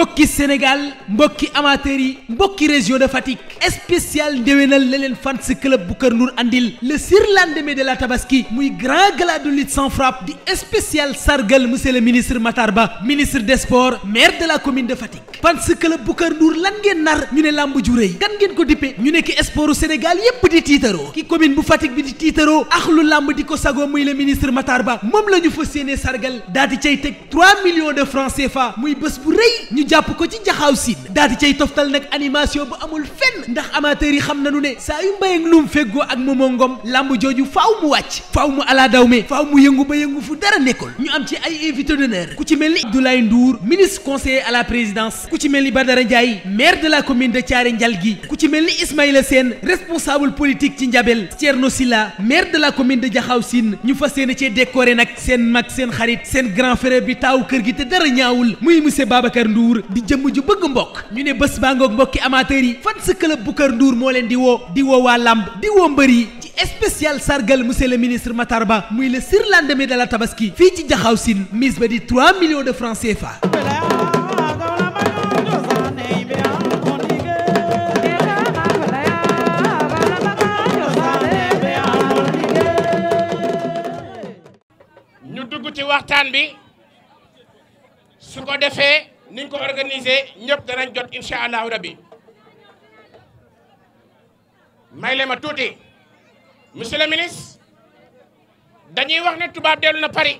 bokki Sénégal mbokki amateurs yi mbokki région de Fatick spécial ndéwénal la leen fans club bu Kër Ndour andil le surlendemain de la tabaski muy grand gala de lutte sans di spécial sargal monsieur ministre Matar Ba ministre des sports maire de la commune de Fatick fans club bu Kër Ndour lan ngeen nar ñu ne làmb ju rëy kan ngeen ko dippe ñu ne ki sportu Sénégal yépp di tiitaroo ki commune bu Fatick bi di tiitaro ax lu làmb di ko sagoo muy le ministre Matar Ba moom la ñu fas yéenee sargal daal di cay teg 3 millions de francs CFA muy bés bu rëy ñu jàpp ko ci jaxaaw siin daal di cay toftal nag animation bu amul fenn ndax amateurs yi xam na nañu ne saa yu mbéyeg lum fegoo ak moomoo ngom lamb jooju faaw mu wàcc faaw mu alaa daw me faaw mu yëngu ba yëngu fu dara nekkul ñu am ci ay invité d'honneur ku ci mel ni Abdoulaye nduur ministre conseiller à la présidence ku ci mel ni Badara Ndiaye maire de la commune de njal gi ku ci mel ni Ismaïla Sène responsable politique ci Njabel Thierno Silla maire de la commune de Jaxaw Sine ñu fas yéene cee décorer nag seen seen xarit seen grand frère bi taaw kër gi te dara ñaawul muy monsieur Babacar Ndour mujj bëgg mbokk ñu ne bés baa ngoog mbokki amateur yi fan sa club Boucar Ndour moo leen di woo di woo waa lamb di woo mbër yi ci spécial sargal monsieur le ministre Matar Ba muy le surlendemain de la tabaski fii ci jaxaw sin mise ba di 3 de francs fa ci waxtaan bi ko defee ni ko ko organiser ñëpp danañ jot incha allahu rabbi may le ma tuuti monsieur le ministre dañuy wax ne tubaab dellu na Paris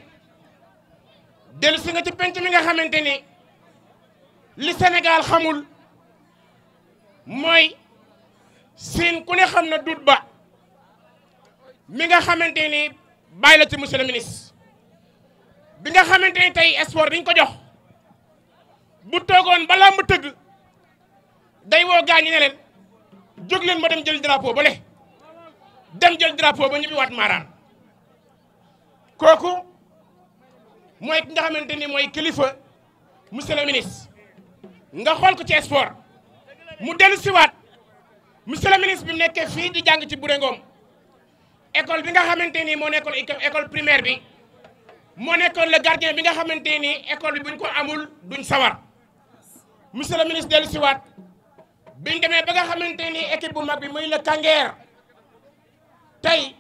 dellu si nga ci penc mi nga xamante ni li Sénégal xamul mooy siin ku ne xam na dut ba mi nga xamante ni bàyyi la ci monsieur le ministre bi nga xamante ni tey sport bi ñu ko jox. bu toogoon balaa mu tëgg day woo gaa ñi ne leen jóg leen ma dem jël drapeau ba le dem jël drapeau ba ñibbi waat maaraan kooku mooy ki nga xamante ni mooy kilifa monsieur le ministre nga xool ko ci sport mu dellu siwaat monsieur le ministre bi mu fii di jàng ci Bouréngom école bi nga xamante ni moo nekkoon école primaire bi moo nekkoon le gardien bi nga xamante ni école bi buñ ko amul duñ sawar monsieur le ministre dellu siwaat biñ demee ba nga xamante ni équipe bu mag bi muy le Kangeer tey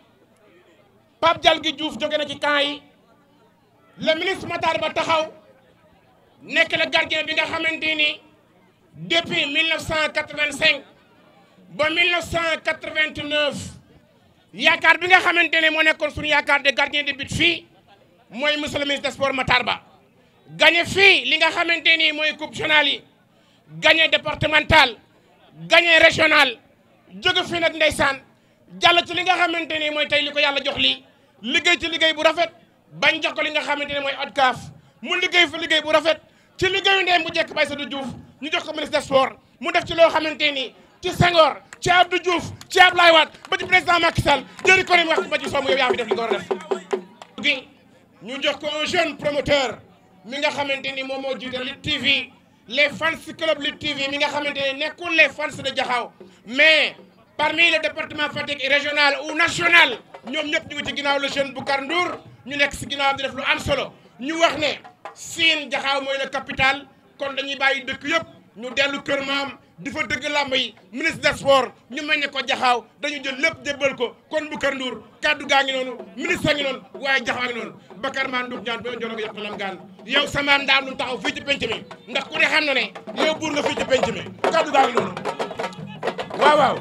Pape Dialgui Diouf jóge na ci camp yi le ministre Matar Ba taxaw nekk la gardien bi nga xamante ni depuis 1985 ba 1989 yaakaar bi nga xamante ne moo nekkoon suñu yaakaar de gardien de but fii mooy monsieur le ministre des sports Matar Ba gagné fii li nga xamante ni mooy coupe journal yi gagné départemental gagné régional jóge fi nag ndeysaan jàll ci li nga xamante ni mooy tey li ko yàlla jox lii liggéey ci liggéey bu rafet bañ jox ko li nga xamante ni mooy ODCAV mu liggéey fa liggéey bu rafet ci liggéeyu ndeyam bu jekk Baye Sadou Diouf ñu jox ko ministre des sports mu def ci loo xamante ni ci Senghor ci Abdou Diouf ci Abdoulaye Wade ba ci président Macky Sall jëri ko ne wax ba ci soom yow yaa fi def li ko def gi ñu jox ko un jeune promoteur mi nga xamante ni moom moo jiite li TV les fans club Lutte TV mi nga xamante ne nekkul les fans de Jaxaaw mais parmi le département Fatick régional ou national ñoom ñëpp ñu ngi ci ginnaaw le jeune Boucar Ndour ñu nekk si ginnaawam di def lu am solo ñu wax ne Sine Jaxaaw mooy la capitale kon dañuy bàyyi dëkk yëpp ñu dellu kër maam. di fa dëgg làmb yi ministre des sports ñu meññe ko jaxaaw dañu jël lépp jébbal ko kon bu kër Ndour kaddu gaa ngi noonu ministre a ngi noonu waaye jaxaa ngi noonu Bakar maa Ndour ñaan ba jolo ko yàqalam gaan yow sama ndaa lu taxaw fii ci penc mi ndax ku ne xam na ne yow buur nga fii ci penc mi kaddu gaa ngi noonu waaw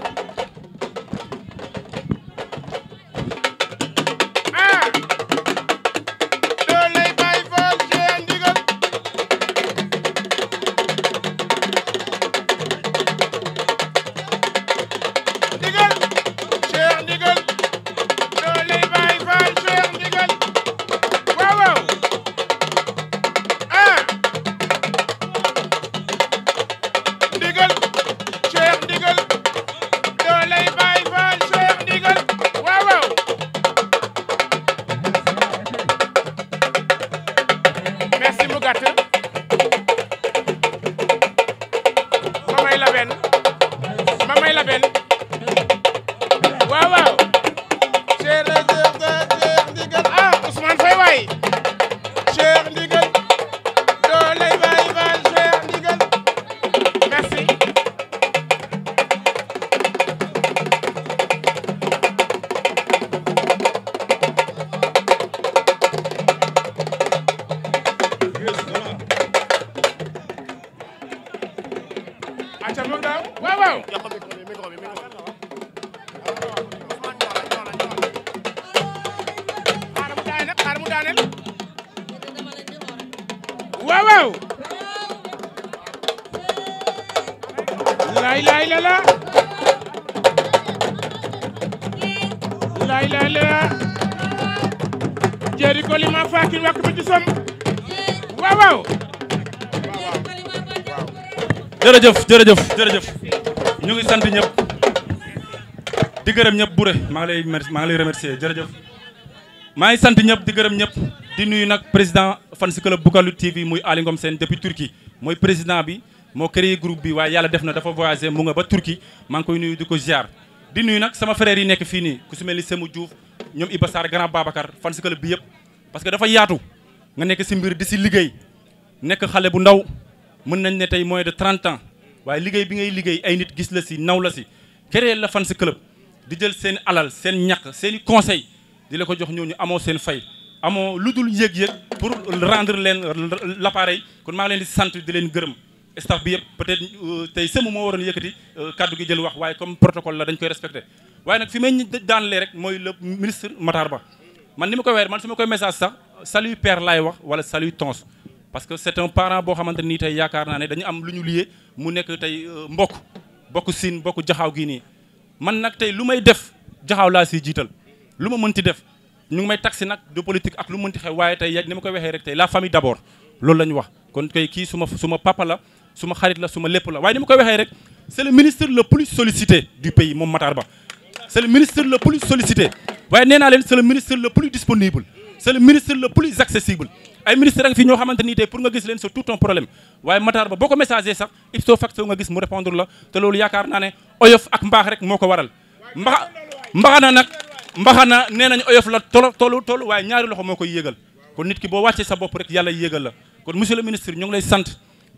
bisam jërëjëf jërëjëf jërëjëf ñu ngi sant ñëpp di gërëm ñëpp Bure maa ngi lay maa ngi lay remercier jërëjëf maa ngi sant ñëpp di gërëm ñëpp di nuyu nag président fan bu club Bukalu TV muy Aly Ngom Sène depuis Turquie mooy président bi moo créé groupe bi waaye yàlla def na dafa voyagé mu nga ba Turquie maa ngi koy nuyu di ko ziar di nuyu nag sama frère yi nekk fii nii ku si mel ni Semou Diouf ñoom Iba Sarr grand Babacar fan bi yëpp parce que dafa yaatu nga nekk si mbir di si liggéey nekk xale bu ndaw mën nañ ne tey moins de 30 ans waaye liggéey bi ngay liggéey ay nit gis la si naw la si créer la fan si club di jël seen alal seen ñaq seen i conseil di la ko jox ñu amoo seen fay amoo lu dul yëg-yëg pour rendre leen l'appareil kon maa ngi leen di sant di leen gërëm staff bi yëpp peut-être euh, tey sëmu moo waroon yëkkati euh, kàddu gi jël wax waaye comme protocole la dañ koy respecté waaye nag fi may daan lee rek mooy le ministre Ba man message sax salut per laay wax wala salut tons parce que c'est un parent boo xamante nii tey yaakaar naa ne dañu am lu ñu liyee mu nekk tey euh, mbokk bokk siin bokk jaxaaw gii nii man nag tey lu may def jaxaaw laa siy jiital lu ma mënti def ñu ngi may taxi nag de politique ak lu mënti xew waaye tey ni ma koy waxee rek tey la famille d'abord loolu la ñu wax kon kay kii suma suma papa la suma xarit la suma lépp la waaye ni ma koy waxee rek c'est le ministre le plus sollicité moom Matar Ba c'est le ministre le plus sollicité waaye nee naa leen c'est le ministre le plus accessible ay ministre rek fi ñoo xamante nii tey pour nga gis leen c'est tout un problème waaye Matar Ba boo ko messager sax ipso facto nga gis mu répondre la te loolu yaakaar naa ne oyof ak mbaax rek moo ko waral mbaxa mbaxana nag mbaxana nee nañ oyof la tolo tolu tolu waaye ñaari loxo moo koy yéegal kon nit ki boo wàccee sa bopp rek yàlla yéegal la kon monsieur le ministre ñu ngi lay sant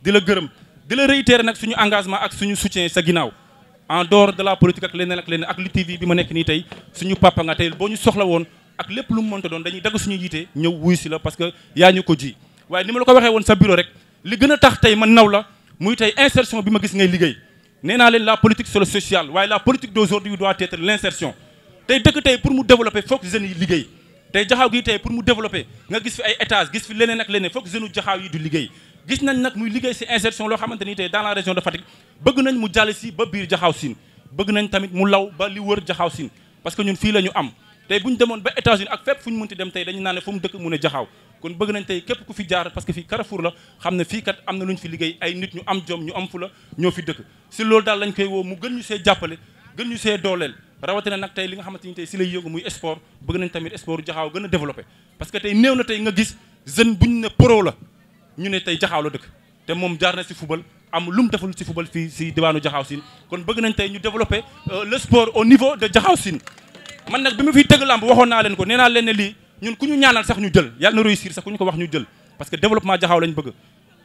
di la gërëm di la réitérer nag suñu engagement ak suñu soutien sa ginnaaw en dehors de la politique ak ak leneen ak bi ma nekk nii tey suñu papa boo ñu soxla ak lépp lu mu mënta doon dañuy dagg suñu yiite ñëw wuy si la parce que yaa ñu ko ji waaye ni ma la ko waxee woon sa bureau rek li gën a tax tey man naw la muy tey insertion bi ma gis ngay liggéey nee naa leen la politique sur le social waaye la politique d'aujourd'hui doit être l'insertion tey dëkk tey pour mu développer foog jeunes yi liggéey tey jaxaaw gi tey pour mu développer nga gis fi ay étages gis fi leneen ak leneen foog jeunes jaxaaw yi du liggéey gis nañ nag muy liggéey fii la ñu tey bu ñu demoon ba États-Unis ak fépp fu ñu mënti dem tey dañu naan ne fu mu dëkk mun a jaxaaw kon bëgg nañ tey képp ku fi jaar parce que fii Carrefour la xam ne fii kat am na lu ñu fi liggéey ay nit ñu am jom ñu am fu la ñoo fi dëkk si loolu daal lañ koy woo mu gën ñu see jàppale gën ñu see dooleel rawatina nag tey li nga xamante ni tey si lay yëngu muy sport bëgg nañ tamit sport jaxaaw gën a développé parce que tey néew na tey nga gis jeune buñ ne pro la ñu ne tey jaxaaw la dëkk te moom jaar si football am lu mu deful si football fii si diwaanu jaxaaw siin kon bëgg nañ tey ñu développé euh, le sport niveau de jaxaaw man nag bi ma fiy tëgg làmb waxoon naa leen ko nee naa leen ne lii ñun ku ñu ñaanal sax ñu jël yàlla na réussir sax ku ñu ko wax ñu jël parce que développement jaxaaw lañ bëgg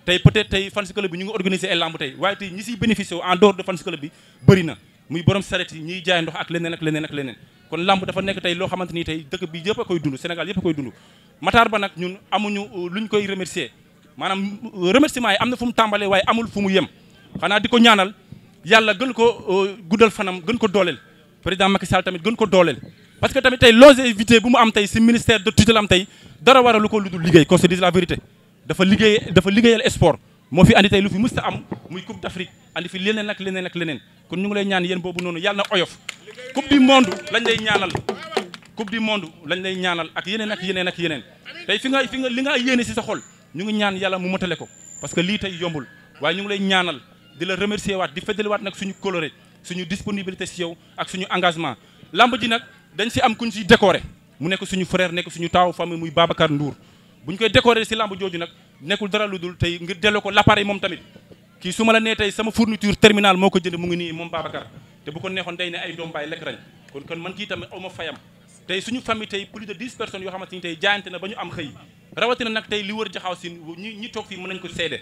tey peut tey fans club bi ñu ngi organiser ay làmb tey waaye tey ñi siy bénéficier en dehors de fans club bi bëri na muy borom saret yi ñiy jaay ndox ak leneen ak leneen ak leneen kon làmb dafa nekk tey loo xamante ni tey dëkk bi yëpp koy dund Sénégal yëpp a koy dund Matar Ba nag ñun amuñu euh, luñ koy remercier maanaam euh, remerciement yi am na fu mu tàmbalee waaye amul fu mu yem xanaa di ko ñaanal yàlla gën ko euh, guddal fanam gën ko dooleel président Macky Sall tamit gën ko dooleel parce que tamit tey longévité bu mu am tey si ministère de tutelle am tey dara waral lu ko lu dul liggéey qu'on se la vérité dafa liggéeyal sport moo fi andi tey lu fi mës a am muy coupe d'Afrique andi fi leneen ak leneen ak leneen kon ñu ngi lay ñaan yéen boobu noonu yàlla na oyof coupe du monde lañ lay ñaanal coupe du monde lañ lay ñaanal ak yeneen ak yeneen ak yeneen tey fi nga fi nga li yéene si sa xol ñu ngi ñaan yàlla mu matale ko parce que lii tey yombul waaye ñu ngi lay ñaanal di la remercier waat di feddaliwaat nag suñu suñu disponibilité si yow ak suñu engagement lamb ji nag dañ si am kuñ si décorer mu nekk suñu frère nekk suñu taaw famille muy Babacar Ndour bu ñu koy décorer si lamb jooju nag nekkul dara lu dul tey ngir delloo ko l'appareil moom tamit kii su la nee tey sama fourniture terminale moo ko jënd mu ngi nii moom Babacar te bu ko neexoon day ne ay doom baay lekk rañ kon kon man kii tamit aw ma fayam tey suñu famille tey plus de dix personnes yoo xamante ni tey jaayante na ba ñu am xëy rawatina nag tey li wër jaxaw si ñi ñi toog fii mën nañ ko seede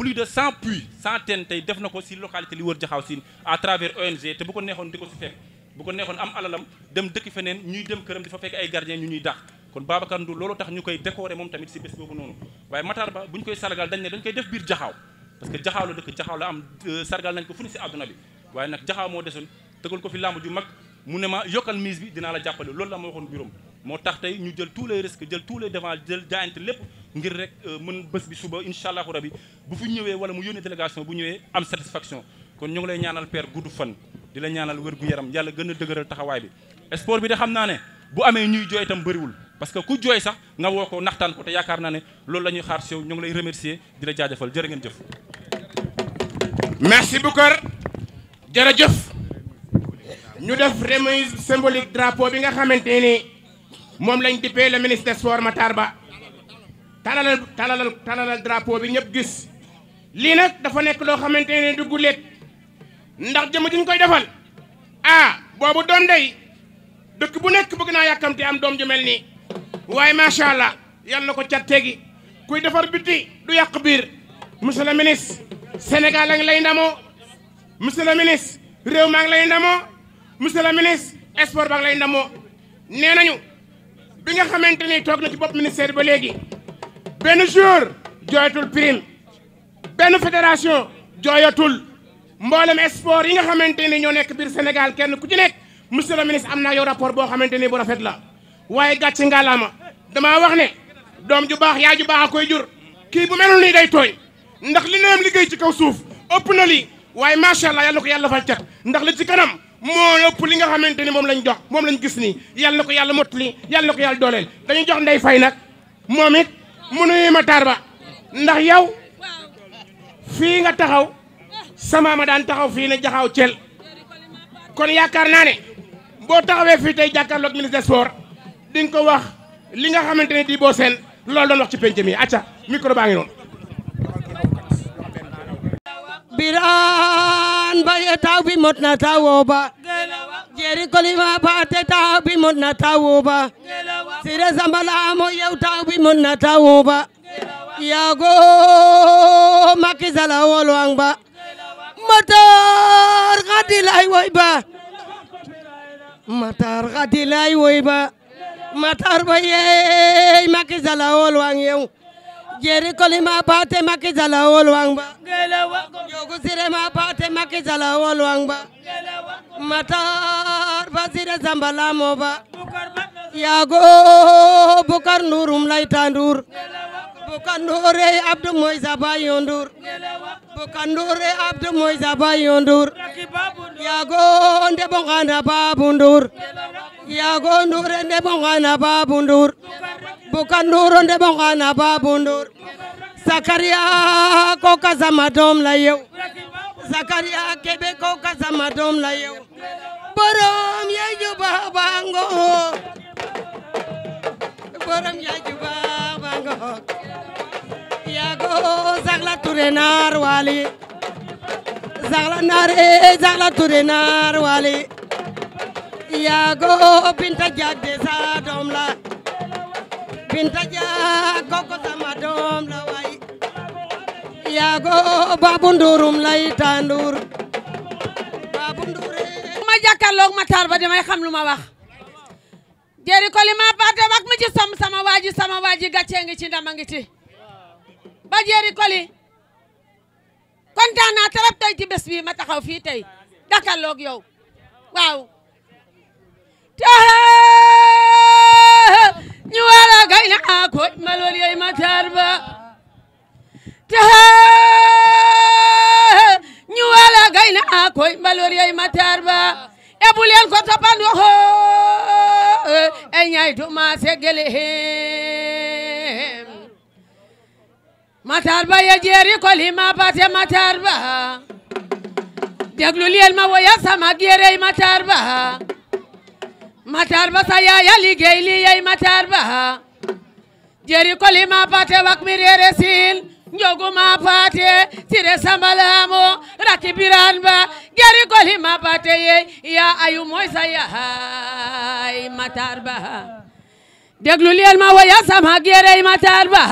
plus de cent puits centaine tey def na ko si localité li wër jaxaaw siin à travers ONG te bu ko neexoon di ko si fekk bu ko neexoon am alalam dem dëkk feneen ñuy dem këram di fa fekk ay gardien ñu ñuy dàq kon Babacar Ndour loolu tax ñu koy décorer moom tamit si bés boobu noonu waaye Matar Ba bu ñu koy sargal dañ ne dañ koy def biir jaxaaw parce que jaxaaw la dëkk jaxaaw la am euh, sargal nañ ko fu ne si àdduna bi waaye nag jaxaaw moo desoon tëgal ko fi làmb ju mag mu ne ma yokkal la jàppale loolu la ma waxoon buróom moo tax tey ñu jël tous les risques jël tous les devants jël jaayante lépp ngir rek euh, mën bés bi suba incha allahu rabi bu fi ñëwee wala mu yónnee délégation bu ñëwee am satisfaction kon ñu ngi lay ñaanal père gudd fan di la ñaanal wér-gu-yaram yàlla gën a dëgëral taxawaay bi sport bi de xam naa ne bu amee ñuy jooy itam bëriwul parce que ku jooy sax nga woo ko naxtaan ko te yaakaar naa ne loolu la ñuy xaar si yow ñu ngi lay remercier di la jaajëfal jërë ngeen jëf merci Boucar jërëjëf ñu def remise symbolique drapeau bi nga xamante ni moom lañ dippee la ministre des sports Matar Ba talalal talalal talalal drapeau bi ñëpp gis lii nag dafa nekk loo xamante ne du guléet ndax jëm juñ koy defal ah boobu doom day dëkk bu nekk bëgg naa yàkkamte am doom ju mel nii waaye macha allah yàlla na ko cattee gi kuy defar biti du yàq biir monsieur le ministre Sénégal a ngi lay ndamoo monsieur le réew maa ngi lay ndamoo monsieur le ministre sport ba lay ndamoo nee nañu bi nga xamante ni toog na ci bopp ministère ba léegi benn jour jooyatul prime benn fédération jooyatul mboolem sport yi nga xamante ni ñoo nekk Sénégal kenn ku ci nekk monsieur le ministre am naa yow rapport boo xamante ni bu rafet la waaye gàcce ngalaama damaa wax ne doom ju baax yaay ju baax a koy jur kii bu melul nii day tooy ndax li neem liggéey ci kaw suuf ëpp na lii waaye macha allah yàlla ko yàlla fal cat ndax li ci kanam moo ëpp li nga xamante ni moom lañ jox moom lañ gis nii yàlla na ko yàlla mottali yàlla na ko yàlla dooleel dañu jox ndey fay nag moom it mu nuyu ma taar ba ndax yow fii nga taxaw sama ma daan taxaw fii ne jaxaw cel kon yaakaar naa ne boo taxawee fii tey jàkkaarloog ministre des sports ko wax li nga xamante ne di boo seen loolu doon wax ci penc mi acca micro baa ngi noonu. Ousmane Mbaye taw bi mot na taw ba Jéeri Kolima Paate taw bi mot na taw ba Sire Sambala mo yow taw bi mot na taw ba Yaago Macky Sall wolwang ba Matar Khadilay woy ba Matar Khadilay woy ba Matar ba yeey Macky Sall wolwang yow jeri kolima bate maki jala wol wangba jogu sirema bate maki jala wol wangba matar basire zambala moba yago bukar nurum laita ndur bukar nure abdu moiza bayo ndur bukar nure abdu moiza bayo ndur yago ndebongana babu ndur yago nure ndebongana babu ndur buka nduuro nde ɓo ngaana baabu nduur sakariya ko kasama doom la yew sakariya keɓe ko kasama doom la yew borom yaju babango borom yaju babango yago ture naar wali sagla naare sagla ture naar wali yago pinta jagde sa doom la Binta Dia koko sama doom la way yaago Babou Ndurum lay tandur Babou Ndure ma jàkkaarloog Ba damay xam lu ma wax jeri ko ma paate wax mi ci som sama waaji sama waaji gàcce ngi ci ndama ngi ci ba jeri ko li kontaan naa trop tey ci bés ma taxaw fii tey jàkkaarloog yow waaw te ñu wala gay na ko yey matar ba ta ñu wala gay na ko yey matar ba e bulen ko tapando ho e ñay to ma segele he matar ba ye jeri ko lima bate matar ba deglu liel ma woya sama gere matar ba Matar Ba sa yaaya liggéey li yey Matar Ba jeri koli ma paate wak mi reere siin njogu ma paate sire sambalaamo raki biran ba jeri koli paate yey ya ayu moy sa yaay Matar Ba déglu leen ma waya sama geerey Matar Ba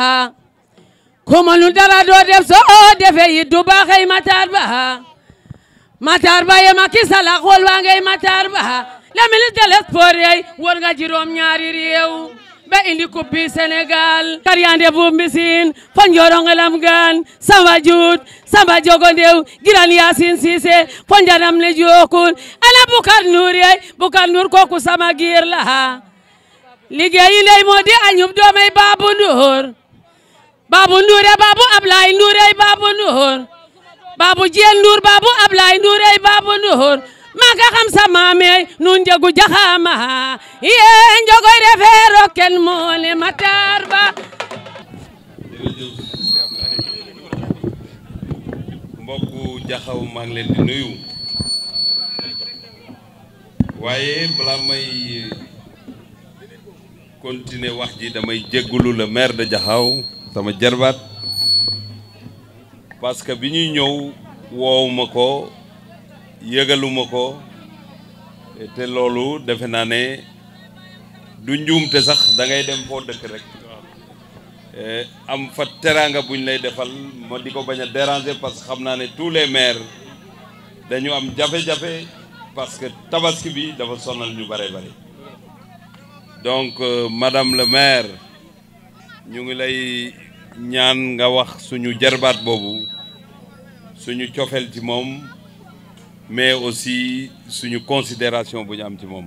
ko mënul dara doo def soo defe yi du baaxey Matar Ba Matar Ba ye ma kisala xool waa ngay Matar Ba le ministre de l'esport yey wër nga juróom ñaari réew be indi coupe bi Sénégal karyande bu mbisin fonjorong lam gan samba juut samba jogondew giran yasin siise fonjanam le jookul ana Bukar Nuur yey Bukar Nuur kooku sama giir la liggéeyi ndey moo di añub doomey Baabu Nduur Baabu Nduure Baabu Ablaay Nduurey Baabu Nduur Baabu Jeen Nduur Baabu Ablaay Nduurey Baabu Nduur maga xam sa maame nu njëgu jaxama ye njogoy refe rokel moole matar ba mbokku jaxaw maa ngi leen di nuyu waaye bala may continuer wax ji damay jéggulu le maire de jaxaw sama jarbaat parce bi ñuy ñëw woowuma ko yëgaluma ko te loolu defe naa ne du njuumte sax dangay dem foo dëkk rek eh, am fa teraanga buñ lay defal ma di ko bañ a déranger parce que xam naa ne tous les maires dañu am jafe-jafe parce que tabaski bi dafa sonal ñu bare bare donc euh, madame le maire ñu ngi lay ñaan nga wax suñu jarbaat boobu suñu cofeel ci moom mais aussi suñu considération bu ñu am ci moom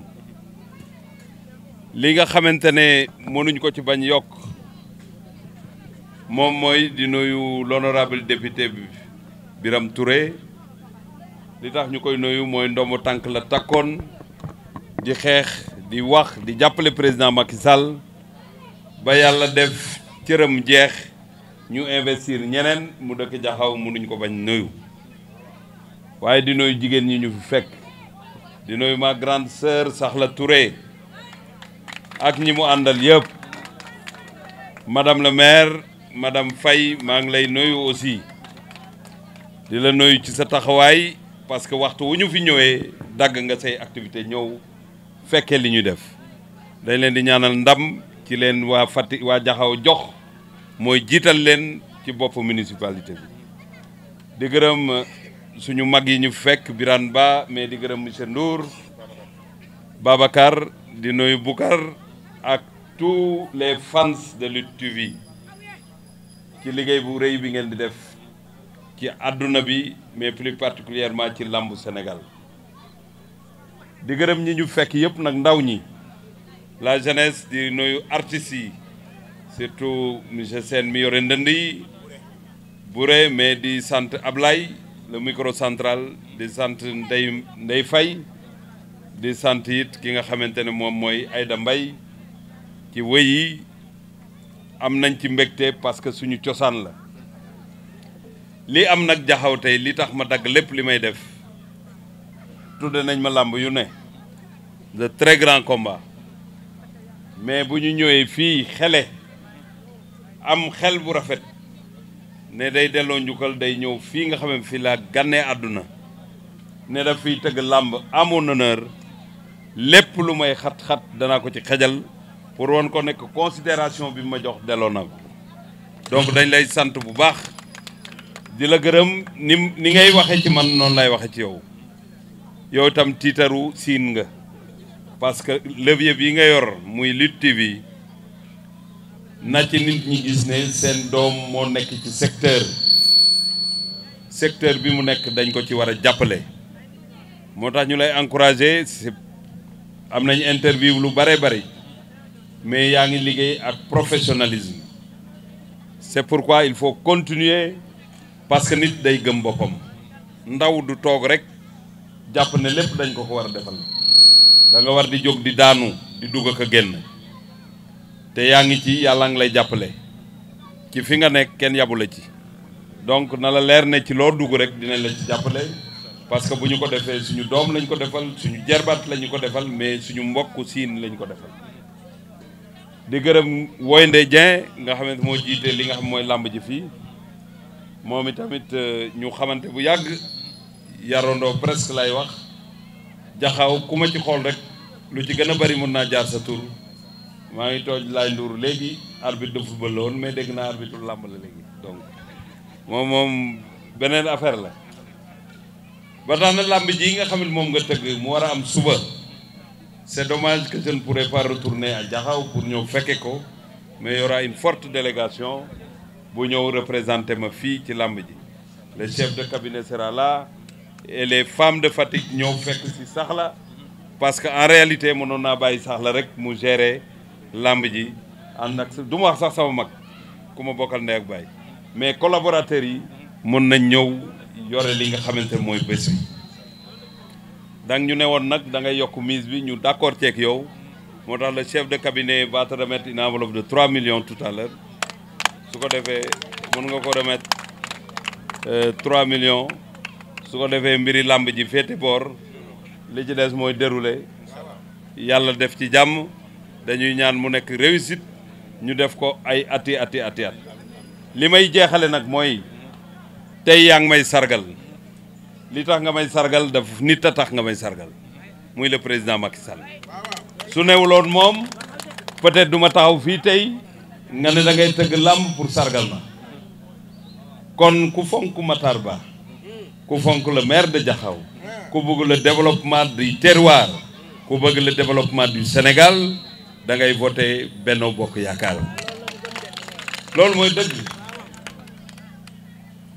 li nga xamante ne mënuñ ko ci bañ yokk moom mooy di nuyu l'honorable député bi Birame Touré li tax ñu koy nuyu mooy ndombo tànk la takkoon di xeex di wax di jàppale président Macky Sall ba yàlla def cëram jeex ñu investir ñeneen mu dëkk jaxaw mënuñ ko bañ nuyu waaye di nuyu jigéen ñi ñu fi fekk di nuyu ma grande sœur Sahla Touré ak ñi mu àndal yëpp madame la maire madame fay maa ngi lay nuyu aussi di la nuyu ci sa taxawaay parce que waxtu wu ñu fi ñëwee dagg nga say activité ñëw fekkee li ñu def dañ leen di ñaanal ndam ci leen waa Fatick waa Jaxaw jox mooy jiital leen ci bopp municipalité bi di gërëm suñu mag yi ñu fekk Birane Ba mais di gërëm monsieur Ndour Babacar di nuyu Boucar ak tous les fans de Lutte TV ci liggéey bu rëy bi ngeen di def ci àdduna bi mais plus particulièrement ci làmbu Sénégal di gërëm ñi ñu fekk yëpp nag ndaw ñi la jeunesse di nuyu artistes yi surtout monsieur Sène mi yore ndënd yi Bouré mais di sant ab Ablaye le micro centrale di sant Ndey Ndey fay di sant it ki nga xamante ne moom mooy Aïda mbay ci wéy yi am nañ ci mbégte parce que suñu cosaan la li am nag jaxaw tey li tax ma dagg lépp li may def tudde nañ ma làmb yu ne de très grand combat mais bu ñu ñëwee fii xele am xel bu rafet ne day delloo njukkal day ñëw fii nga xam ne fii laa gànnee àdduna ne daf fiy tëgg làmb amoon na honneur lépp lu may xat-xat danaa ko ci xajal pour woon ko nekk considération bi ma jox delloo na ko donc dañ lay sant bu baax di la gërëm ni ni ngay waxee ci man noonu lay waxee ci yow yow itam tiitaru siin nga parce que levier bi nga yor muy Lutte TV na ci nit ñi gis ne seen doom moo nekk ci secteur secteur bi mu nekk dañ ko ci war a jàppale moo tax ñu lay encouragé am nañ interview lu bare bari mais yaa ngi liggéey ak professionnalisme c'est pourquoi il faut continuer parce que nit day gëm boppam ndaw du toog rek jàpp ne lépp dañ ko ko war a defal da nga war di jóg di daanu di dugg ak a génn te yaa ngi ci yàlla ngi lay jàppale ci fi nga nekk kenn yabu la ci donc na la leer na ci loo dugg rek dinañ la ci jàppale parce que bu ñu ko defee suñu doom lañ ko defal suñu jerbaat lañu ko defal mais suñu mbokk siin lañ ko defal di gërëm Woynde Dieng nga xamante moo jiite li nga xam mooy làmb ji fii moom itamit euh, ñu xamante bu yàgg yarondoo presque lay wax jaxaw ku ma ci xool rek lu ci gën a bari mun naa jaar sa tur maa ngi tooj laaj Ndour léegi arbitre de football la mais dégg naa arbitre làmb la léegi donc moom moom beneen affaire la ba tax na làmb ji nga xam ne moom nga tëgg mu war a am suba c'est dommage que je ne pourrais pas retourner à pour ñëw fekke ko mais y aura une forte délégation bu ñëw représenter ma fii ci làmb ji le chef de cabinet sera là les femmes de Fatick ñëw fekk si Saxla parce que en réalité mënoon naa bàyyi Saxla rek mu gérer làmb ji ànd ak du duma wax sax sama mag ku ma bokkal ndey ak baay mais collaborateur yi mën nañ ñëw yore li nga xamante mooy bés bi dang ñu ne woon nag da ngay yokk mise bi ñu d'accord ceeg yow moo tax le chef de cabinet va te remettre une enveloppe de 3 millions tout à su ko defee mën nga ko remettre 3 euh, millions su ko defee mbiri làmb ji féete boor li ci des mooy déroulé yàlla def ci jàmm dañuy ñaan mu nekk réussite ñu def ko ay ati ati ati at li may jeexale nag mooy tey yaa ngi may sargal li tax nga may sargal daf nit a tax nga may sargal muy le président Macky Sall su newuloon moom peut-être du ma taxaw fii tey nga ne da ngay tëgg làmb pour sargal ma kon ku fonk Matar Ba ku fonk le maire de Diakhao ku bëgg le développement du terroir ku bëgg le développement du Sénégal da ngay voté Benno Bokk Yaakaar loolu mooy dëgg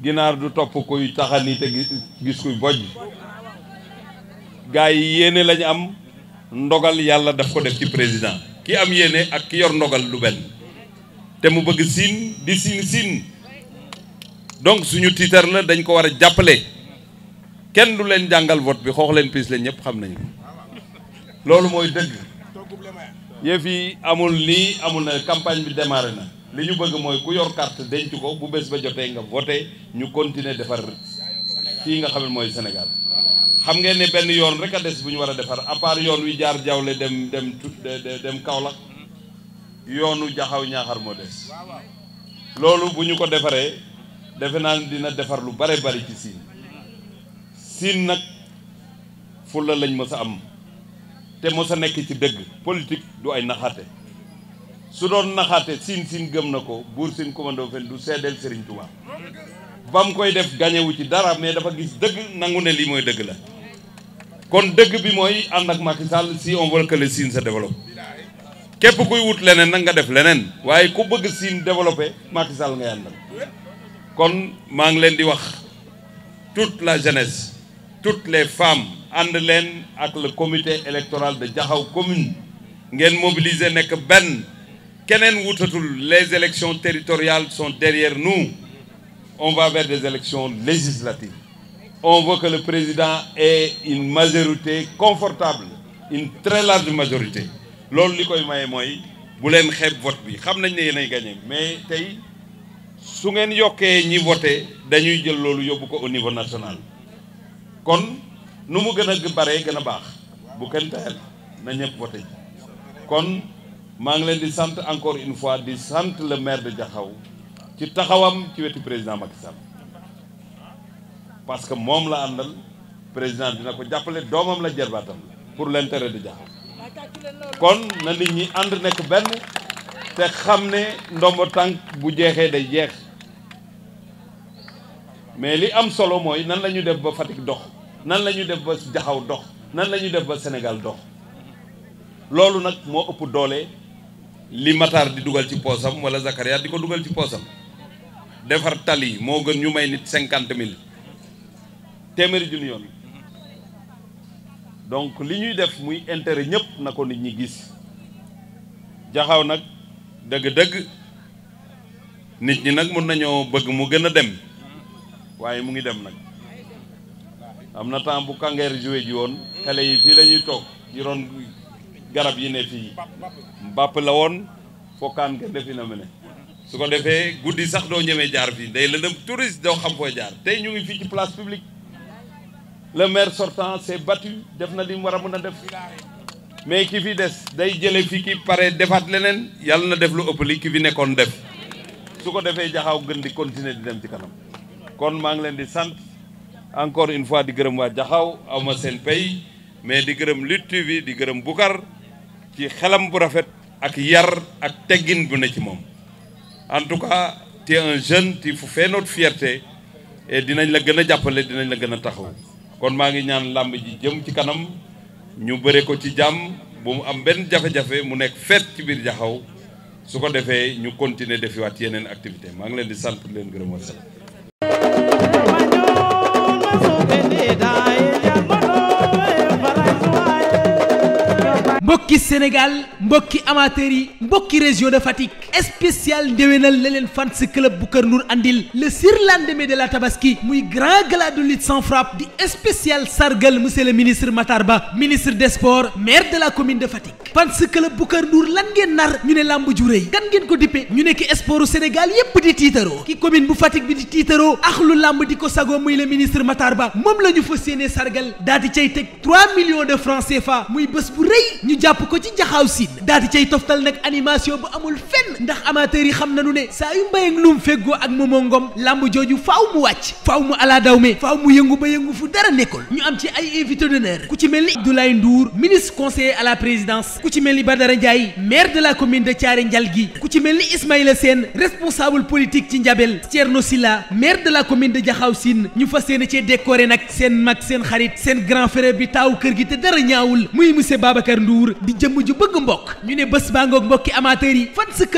ginaar du topp kuy taxani te gis kuy bojj gars yi yéene lañu am ndogal yàlla daf ko def ci président ki am yéene ak ki yor ndogal du benn te mu bëgg siin di siin siin donc suñu tiitar la dañ ko war a jàppale kenn du leen jàngal vote bi xoox leen piis leen ñëpp xam nañu loolu mooy dëgg yëf yi amul lii amul na campagne bi démarré na li ñu bëgg mooy ku yor kart denc ko bu bés ba jotee nga voté ñu continuer defar fii nga xam mooy Sénégal xam nga ne benn yoon rek a des bu ñu war a defar à part yoon wi jaar jawle dem dem dem Kaolack yoonu jaxaw ñaaxar moo des loolu bu ñu ko defaree defe naa dina defar lu bare bari ci siin siin nag fulla lañ mës a am te mos a nekk ci dëgg politique du ay naxaate su doon naxaate siin siin gëm na ko buur siin commando fen du seedeel Serigne ba mu koy def gañewu ci dara mais dafa gis dëgg nangu ne lii mooy dëgg la kon dëgg bi mooy ànd ak Macky Sall si on veut que le Sine se développe képp kuy wut leneen nag nga def leneen waaye ku bëgg Sine développé Macky Sall nga yàndal kon maa ngi leen di wax tout la jeunesse tout les femmes ànd leen ak le comité électoral de Diakhao commune ngeen mobiliser nekk benn keneen wutatul les élections territoriales sont derrière nous on va vers des élections législatives on veut que le président ait une majorité confortable une très large majorité loolu li koy maye mooy bu leen xeeb vote bi xam nañ ne yéen ay mais tey su ngeen yokkee ñi voté dañuy jël loolu yóbbu ko au niveau national kon nu mu gën a baree gën a baax bu kenn tayal na ñëpp voté ji kon maa ngi leen di sant encore une fois di sant le maire de Diakhao ci taxawam ci wetu président Macky Sall parce que moom la àndal président dina ko jàppale doomam la jarbaatam la pour l'intérêt de Diakhao kon na nit ñi ànd nekk benn te xam ne ndombo tànk bu jeexee day jeex mais li am solo mooy nan la ñu def ba Fatick dox nan la ñu def ba jaxaw dox nan la ñu def ba Sénégal dox loolu nag moo ëpp doole li Matar di dugal ci poosam wala Zakaria di ko dugal ci poosam defar tali moo gën ñu may nit cinquante mille téeméeri junni yoon donc li ñuy def muy intérêt ñëpp na ko nit ñi gis jaxaw nag dëgg-dëgg nit ñi nag mun nañoo bëgg mu gën a dem waaye mu ngi dem nag am na temps bu kangeer joué ji woon xale yi fii la ñuy toog ci ron garab yi ne fii mbàpp la woon fokkaan nga defi na mu su ko defee guddi sax doo ñemee jaar fii day lëndëm touriste doo xam foo jaar tey ñu ngi fii ci place publique le maire sortant s'est battu def na li war a mën a def mais ki fi des day jële fii ki pare defaat leneen yàlla na def lu ëpp li ki fi nekkoon def su ko defee jaxaw gën di continuer di dem ci kanam kon maa leen di encore une fois di gërëm waa jaxaw awma seen pay mais di gërëm Lutte TV di gërëm Boucar ci xelam bu rafet ak yar ak teggin bu ne ci moom en tout cas tu es un jeune tu fais notre fierté dinañ la gën a jàppale dinañ la gën a taxaw kon maa ngi ñaan làmb ji jëm ci kanam ñu bëre ko ci jàmm bu mu am benn jafe-jafe mu nekk feet ci biir jaxaw su ko defee ñu continuer defiwaat yeneen activité maa ngi leen di sant leen gërëm wa mbokki Sénégal mbokki amateurs yi mbokki région de Fatick spécial ndéwénal la leen fans club bu Kër Ndour andil le surlendemain de la tabaski muy grand gala de lutte sans frappe di spécial sargal monsieur le ministre Matar Ba ministre des sports maire de la commune de Fatick fans club bu Kër Ndour lan ngeen nar ñu ne làmb ju rëy kan ngeen ko dippe ñu ne ki sportu Sénégal yépp di tiitaroo ki commune bu Fatick bi di tiitaroo ax lu làmb di ko sago muy le ministre Matar Ba moom la ñu fas yéene sargal daal di cay teg 3 de francs CFA muy bés bu rëy ñu jàpp ko ci jaxaw siin daal di cay toftal nag animation bu amul fenn ndax amateurs yi xam na nañu ne saa yu mbéyeg luum fegoo ak moomoo ngom làmb jooju faw mu wàcc faw mu ala daw me faaw mu yëngu ba yëngu fu dara nekkul ñu am ci ay invité d'honneur ku ci mel ni Abdoulaye nduur ministre conseil à la présidence ku ci mel ni Badara Ndiaye maire de la commune de Thiaré Ndialgui ku ci mel ni Ismaïla Sène responsable politique ci Njabel Thierno Silla maire de la commune de Diakhao Sine ñu fas yéene cee décoré nag seen mag seen xarit seen grand bi taaw kër gi te dara ñaawul muy monsieur Babacar Ndour Ndour di jëmm ju bëgg mbokk ñu ne bés baa ngoog mbokki amateurs yi fan